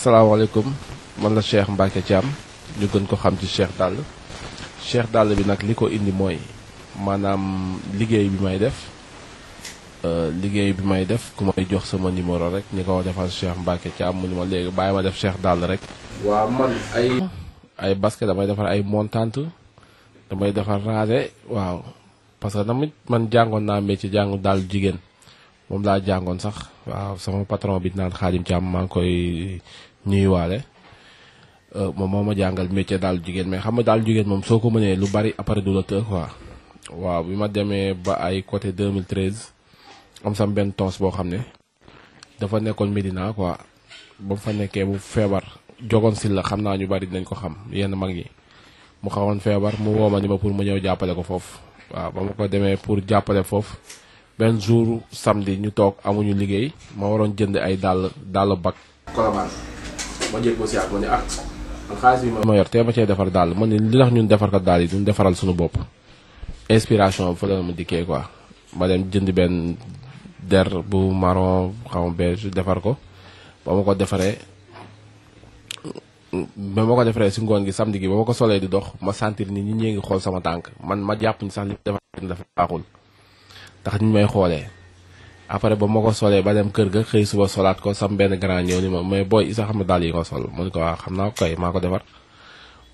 asalaamaaleykum man la Cheikh Mbacke Thiam ñu gën ko xam ci Cheikh dàll Cheikh dàll bi nag li ko indi mooy maanaam liggéey bi may def euh, liggéey bi may def ku may jox sama numéro rek ñi ko defal Cheikh Mbacke Thiam mu ni ma léegi bàyyi ma def Cheikh Dall rek. waaw man ay. ay basket damay defar ay montante damay defar raade waaw parce que tamit man jàngoon naa métier jàngu daal jigéen moom laa jàngoon sax waaw sama patron bi naan Xaadim Thiam maa ngi koy waale euh, moom moo ma jàngal métier daal jigéen mais xam nga daal jigéen moom soo ko mënee lu bari après du la të quoi waaw bi ma demee ba ay côté 2013 am sam benn tons boo xam ne dafa nekkoon Medina quoi ba mu fa nekkee mu feebar jogoon si la xam naa ñu bari nañ ko xam yenn mag yi mu xawoon feebar mu woo ma ni ma pour mu ñëw jàppale ko foofu waa ba ma ko demee pour jàppale foofu benn jour samedi ñu toog amuñu liggéey ma waroon jënd ay dàll dàll bag. Colobane. ma jël ko si yàgg ma ne ah man xaalis bi ma yor te ma cee defar daal man li tax ñun defarkat daal yi duñ defaral suñu bopp inspiration fa la ma dikkee quoi ma dem jënd benn der bu marron xaw beige defar ko ba ma ko defaree ba ma ko defaree si ngoon gi samedi gi ba ma ko solee di dox ma sentir ni ñi ñee ngi xool sama tànk man ma jàpp ni sax li defar dafa baaxul tax ñu may xoolee après ba ma ko solee ba dem kër ga xëy suba solaat ko sam benn grand ñëw ni ma mais booy a xam ne daal yi nga sol mu ni ko waa ah, xam naa ko kay maa ko defar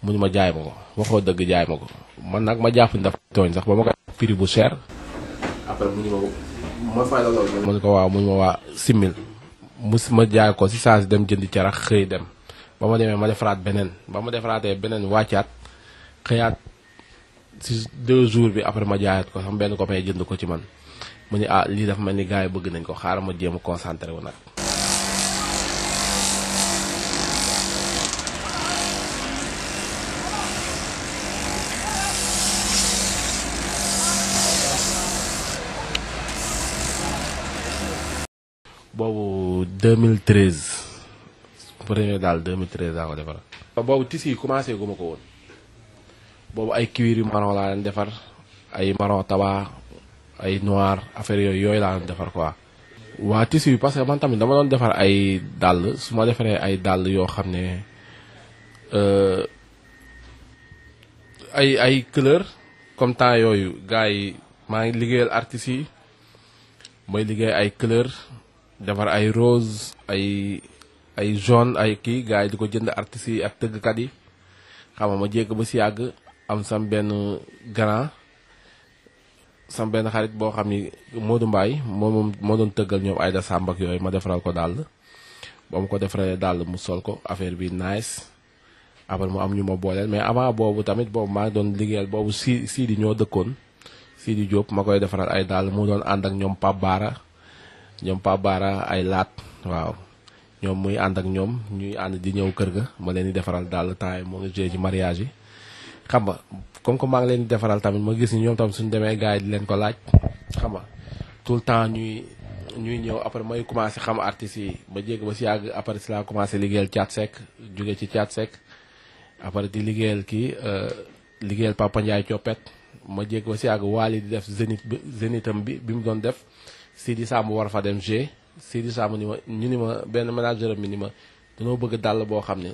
mu ni ma jaay ma ko waxoo dëgg jaay ma ko man nag ma jàpp ni dafa sax ba ma ko prix bu cher ko waaw mu ni waa simil mu ma jaay ko si saa si dem jënd carax xëy dem ba ma demee ma defaraat beneen ba ma defaraatee beneen wàccaat xëyaat si deux jours bi après ma jaayaat ko sam benn copain jënd ko ci man mu ni ah lii dafa mel ni gars yi bëgg nañ ko xaaral ma jéem a concentré wu nag. boobu 2013 premier daal 2013 daa ko defar. boobu tissu yi commencé guma ko woon boobu ay cuir yu marron laa leen defar ay marron tabac. ay noir affaire yooyu yooyu laa doon defar quoi. waa tissu bi parce que man tamit dama doon defar ay dàll su ma defaree ay dàll yoo xam ne euh, ay ay couleur comme temps yooyu gars yi maa ngi liggéeyal artistes yi mooy liggéey ay couleur defar ay rose ay ay jaune ay kii gars yi di ko jënd artistes yi ak tëggkat yi xam nga ma jékk ba si àgg am sam benn grand. sama benn xarit boo xam ni mbaay moo moom moo doon tëggal ñoom Aïda Samb ak yooyu ma defaral ko dàll ba mu ko defaree dàll mu sol ko affaire bi nice après mu am ñu ma booleel mais avant boobu tamit boobu maa doon liggéeyal boobu si Sidi ñoo dëkkoon Sidi Diop ma koy defaral ay dàll mu doon ànd ak ñoom Pape Bara ñoom Pape ay laat waaw ñoom muy ànd ak ñoom ñuy ànd di ñëw kër ga ma leen di defaral dàll temps yi moo ngi joué mariage yi xam nga comme que maa ngi leen di defaral tamit ma gis ni ñoom tamit suñu demee gars di leen ko laaj xam nga tout le temps ñuy ñuy ñëw après may commencé xam artistes yi ba jégg ba si yàgg après si laa commencé liggéeyal Thiat Seck jóge ci Thiat Seck après di liggéeyal kii euh, liggéeyal Papa Ndiaye coppet ma jégg ba si yàgg Wally di def zénith bi bi bi mu doon def Sidi Samb war fa dem G Sidi Samb ni ma ñu ni ma benn manager mi ni ma dañoo bëgg dàll boo xam ne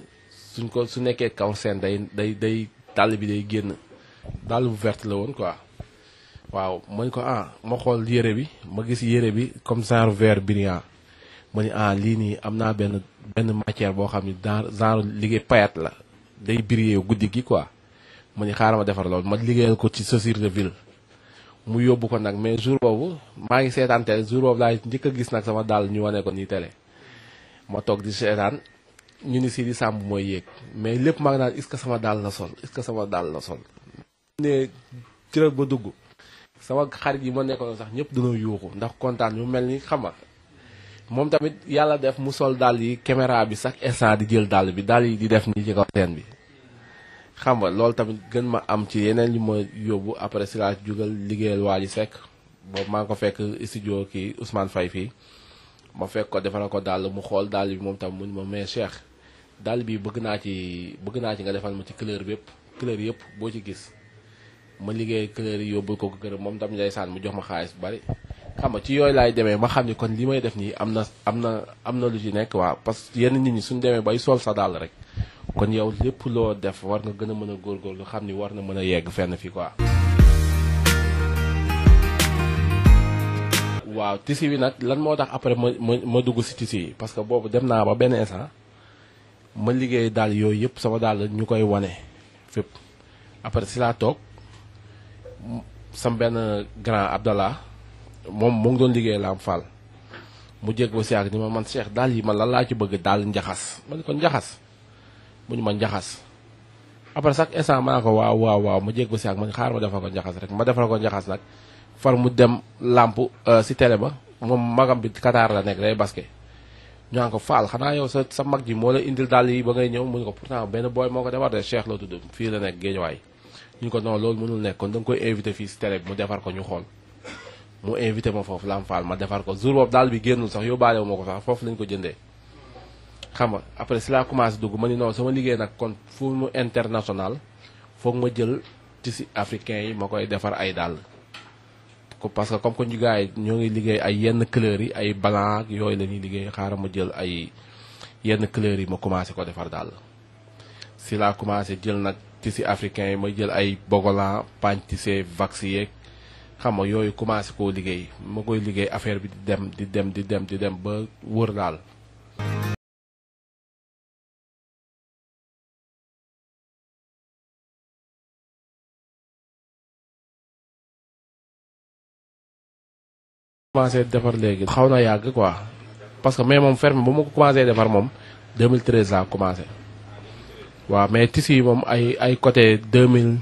suñ ko su nekkee kaw seen day day day dàll bi day génn daal bu verte la woon quoi waaw ma ne ko ah ma xool yére bi ma gis yére bi comme genre vert brillant ma ni ah lii nii am naa benn benn matière boo xam ni genre genre liggéey payat la day briller guddi gi quoi ma ni xaaral ma defar loolu ma liggéeyal ko ci chaussure de ville mu yóbbu ko nag mais jour boobu maa ngi seetaan télé jour boobu laay njëkk a gis nag sama daal ñu wane ko nii télé ma toog di seetaan ñu ni si di sàmb mooy yéeg mais lépp maa ngi naan est sol est sama daal la sol ne cëral ba dugg sama xarit yi ma nekkoon sax ñëpp dañoo yuuxu ndax kontaan yu mel ni xam nga moom tamit yàlla def mu sol dàll yi caméra bi sax instant di jël dàll bi dàll yi di def nii ci kaw bi xam nga loolu tamit gën ma am ci yeneen li ma yóbbu après si laa jugal liggéeyal waa ji sekk boobu maa ko fekk studio ki Ousmane fay fii ma fekk ko defal ko dàll mu xool dàll bi moom tam mu ma mais Cheikh dàll bi bëgg naa ci bëgg naa ci nga defal ma ci couleur bépp couleur yëpp boo ci gis ma liggéey këleer yi yóbbul ko këram moom tam ndeysaan mu jox ma xaalis bu bari xam ci yooyu laay demee ma xam ni kon li may def nii am na am na am na lu ci nekk waaw parce que yenn nit ñi suñ demee bay sol sa dal rek kon yow lépp loo def war nga gën a mën a lu xam ni war na mën a yegg fenn fii quoi. waaw tisi bi nag lan moo tax après ma ma ma dugg si tisi yi parce que boobu dem naa ba benn instant ma liggéey daal yooyu yëpp sama daal ñu koy wane fépp après si laa toog. sam benn grand Abdallah moom mu ngi doon liggéey laam Fall mu jég ba si ak ni ma man Cheikh dal yi ma lan laa ci bëgg daal njaxas ma ne ko njaxas mu ñu ma njaxas après chaque ma ne ko waaw waaw waaw mu jég ba si ak man xaar ma defal ko njaxas rek ma defal ko njaxas nag far mu dem làmp euh, si télé ba moom magam bi Qatar la nekk day basket ñu naan ko Fall xanaa yow sa sa mag ji moo la indil daal yi ba ngay ñëw mu ne ko pourtant benn booy moo ko defar de Cheikh la tudd fii la ñu ko non loolu mënul nekk kon da nga koy invité fii si télé bi mu defar ko ñu xool mu invité ma foofu Lamp ma defar ko jour boobu daal bi génnul sax yóbbaale wu ma ko sax foofu lañ ko jëndee xam nga après si laa commencé dugg ma ni non sama liggéey nag kon fu mu international foog ma jël si africain yi ma koy defar ay dàll parce que comme que ñu yi ñoo ngi liggéey ay yenn couleurs yi ay blanc yooyu la liggéey xaaral ma jël ay yenn couleurs yi ma commencé ko defar dàll si laa commencé jël nag tissu africain yi ma jël ay bogolan pantissé vax yeeg xam nga yooyu commencé koo liggéey ma koy liggéey affaire bi di dem di dem di dem di dem ba wër daal. commencé defar léegi xaw na yàgg quoi parce que mais moom ferme bu ma ko commencé defar moom 2013 laa commencé. waaw mais tissu yi moom ay ay côté deux mille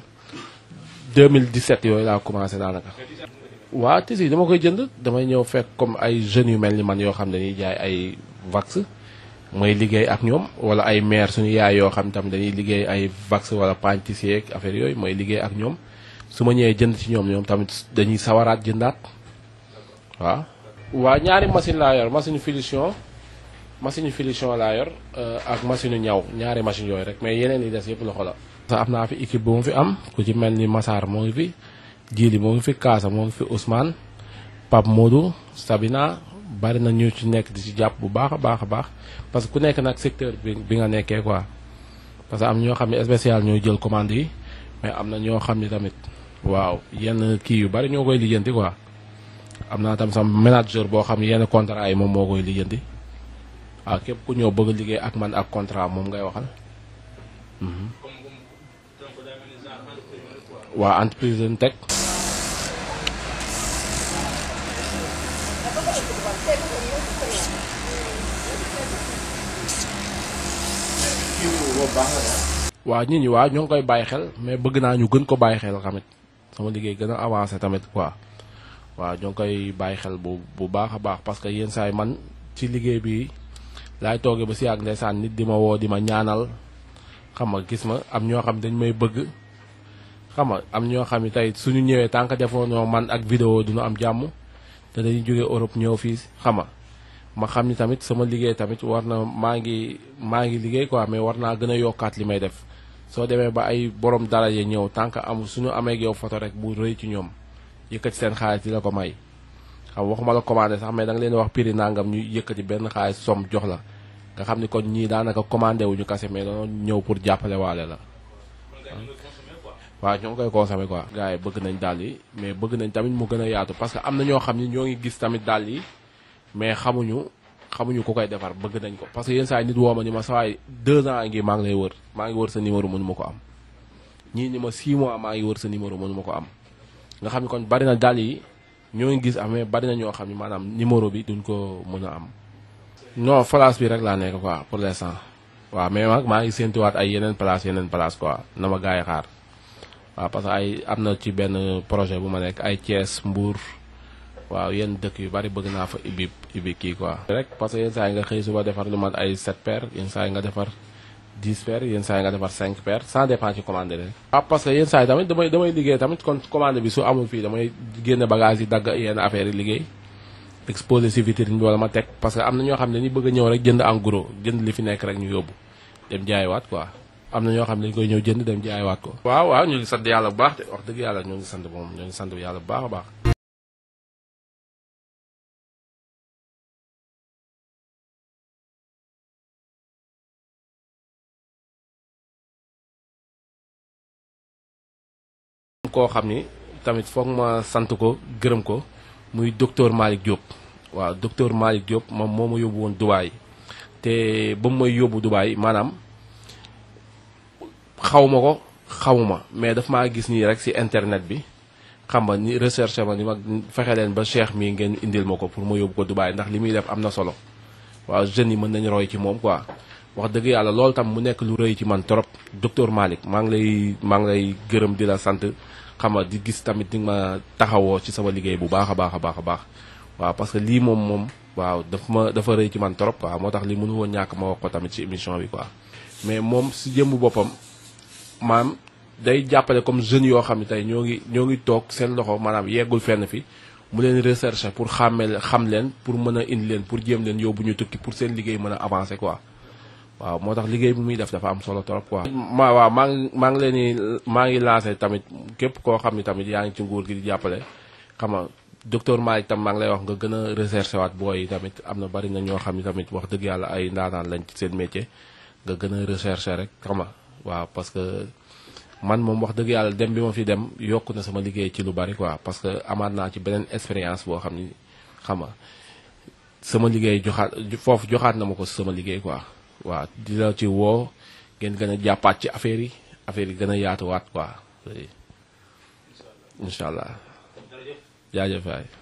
deux mille dix sept yooyu laa commencé daanaka. waaw tissu yi dama koy jënd damay ñëw fekk comme ay jeunes yu mel ni man yoo xam ne dañuy jaay ay vax mooy liggéey ak ñoom wala ay maire suñu yaay yoo xam tam dañuy liggéey ay vax wala paañ tissu yeeg affaire yooyu mooy liggéey ak ñoom su ma ñëwee jënd ci ñoom ñoom tamit dañuy sawaraat jëndaat waaw. waa ñaari machine laa yor masin finition machine yu finition laa yor euh, ak machine ñaw ñaari machine yooyu rek mais yeneen yi des yëpp loxo la. am naa fi équipe bu mu fi am ku ci mel ni Massar moo ngi fi Djili moo ngi fi Kaasa moo ngi fi Ousmane Pape Modou Sabina bari na ñu ci nekk di ci jàpp bu baax a baax a baax parce que ku nekk nag secteur bi bi nga nekkee quoi parce que am ñoo xam ne spécial ñooy jël commande yi mais am na ñoo xam ne tamit waaw yenn kii yu bari ñoo koy lijjanti quoi am naa tam sama manager boo xam ne yenn contrat yi moom moo koy lijjanti. ah képp ku ñëw bëgg liggéey ak man ak contrat moom ngay waxal. Mhm. waa entreprise lañ teg. waa nit ñi waa ñoo ngi koy bàyyi xel mais bëgg naa ñu gën ko bàyyi xel tamit sama liggéey gën a avancé tamit quoi waa ñoo ngi koy bàyyi xel bu bu baax a baax parce que yenn saay man ci liggéey bii laay tooge ba si ak ndeysaan nit di ma woo di ma ñaanal xam nga gis ma am ñoo xam dañ may bëgg xam nga am ñoo xam ne tey suñu ñëwee tànk defoonoo man ak vidéo duñu am jàmm te dañuy jógee Europe ñëw fii xam nga ma xam ni tamit sama liggéey tamit war na maa ngi maa ngi liggéey ko mais war naa gën a yokkaat li may def soo demee ba ay borom daraje ñëw tànk amul suñu amee ak yow photo rek bu rëy ci ñoom yëkkat seen xaalis di la ko may xam waxuma la commandé sax mais da nga leen wax prix nangam ñu yëkkati benn xaalis somme jox la nga xam ni kon ñii daanaka commandé wuñu kase mais pour jàppale waale la. waaw ñoo ngi koy consommé quoi. bëgg nañ dàll yi mais bëgg nañ tamit mu gën a yaatu parce que am na ñoo xam ni ñoo ngi gis tamit dàll mais xamuñu xamuñu ku koy defar bëgg nañ ko. parce que yenn nit woo ma ni ma saa waay ngi maa ngi lay wër maa ngi wër sa numéro mënu ma ko am ñii ni ma six mois maa ngi wër sa numéro mënu ma ko am nga xam ni kon bari na yi ñoo gis amee bari na ñoo xam ne maanaam numéro bi duñ ko mën a am. no place bi rek laa nekk quoi pour l'instant waaw mais nag maa ngi séntuwaat ay yeneen place yeneen place quoi na ma gars yi xaar waaw parce que ay am na ci benn projet bu ma nekk ay Thiès Mbour waaw yenn dëkk yu bari bëgg naa fa ibbi ibbi kii quoi. rek parce que yenn saa yi nga xëy suba defar lu mat ay sept paires yenn saa nga defar. dix paires yenn saa yi nga defar cinq paires sans dépend ci commande rek. waaw ah, parce que yenn saa yi tamit damay damay liggéey tamit kon commande bi su amul fii damay génne bagage yi dagg yenn affaires yi liggéey exposé si vitrine bi wala ma teg parce que am na ñoo xam ne bëgg a ñëw rek jënd en jënd li fi nekk rek ñu yóbbu dem jaayiwaat quoi am na ñoo xam ne dañ koy ñëw jënd dem jaayiwaat ko. waaw waaw ñu ngi sant yàlla bu baax te wax dëgg yàlla ñoo baax. koo xam ni tamit foog ma sant ko gërëm ko muy docteur Malick Diop waaw docteur Malick Diop moom moo ma yóbbu woon Dubaay te ba mu may yóbbu Dubaay maanaam xaw ma ko xawuma mais daf maa gis nii rek ci internet bi xam nga ni recherche ma ni mag fexe leen ba Cheikh mii ngeen indil ma ko pour ma yóbbu ko Dubaay ndax li muy def am na solo waaw jeunes yi mën nañu roy ci moom quoi wax dëgg yàlla loolu tam mu nekk lu rëy ci man trop docteur Malick maa ngi lay maa ngi lay gërëm di la sant xam nga di gis tamit di ma taxawoo ci sama liggéey bu baax a baax a baax a baax waaw parce que lii moom moom waaw dafa ma dafa rëy ci man trop quoi moo tax lii mënu woon ñàkk ma wax ko tamit ci émission bi quoi mais moom si jëmbu boppam maam day jàppale comme jeune yoo xam ne tey ñoo ngi ñoo ngi toog seen loxo maanaam yeggul fenn fi mu leen recherche pour xàmmee xam leen pour mën a indi leen pour jéem leen yóbbu ñu tukki pour seen liggéey mën a avancer quoi waaw moo tax liggéey bi muy def dafa am solo trop quoi. ma waaw maa ngi maa ngi leen di maa ngi lancé tamit képp koo xam ni tamit yaa ngi ci nguur gi di jàppale xam nga docteur Malick tam maa ngi lay wax nga gën a recherché waat booy yi am na bari na ñoo xam ni tamit wax dëgg yàlla ay ndaanaan lañ ci seen métier nga gën a recherché rek xam waaw parce que man moom wax dëgg yàlla dem bi ma fi dem yokk na sama liggéey ci lu bari quoi parce que amaat naa ci beneen expérience boo xam ni xam nga sama liggéey joxaat foofu joxaat na ma ko sama liggéey quoi. waaw di la ci woo ngeen gën a jàppaat ci affaire yi affaire yi gën a yaatuwaat quoi incha allah jaajëf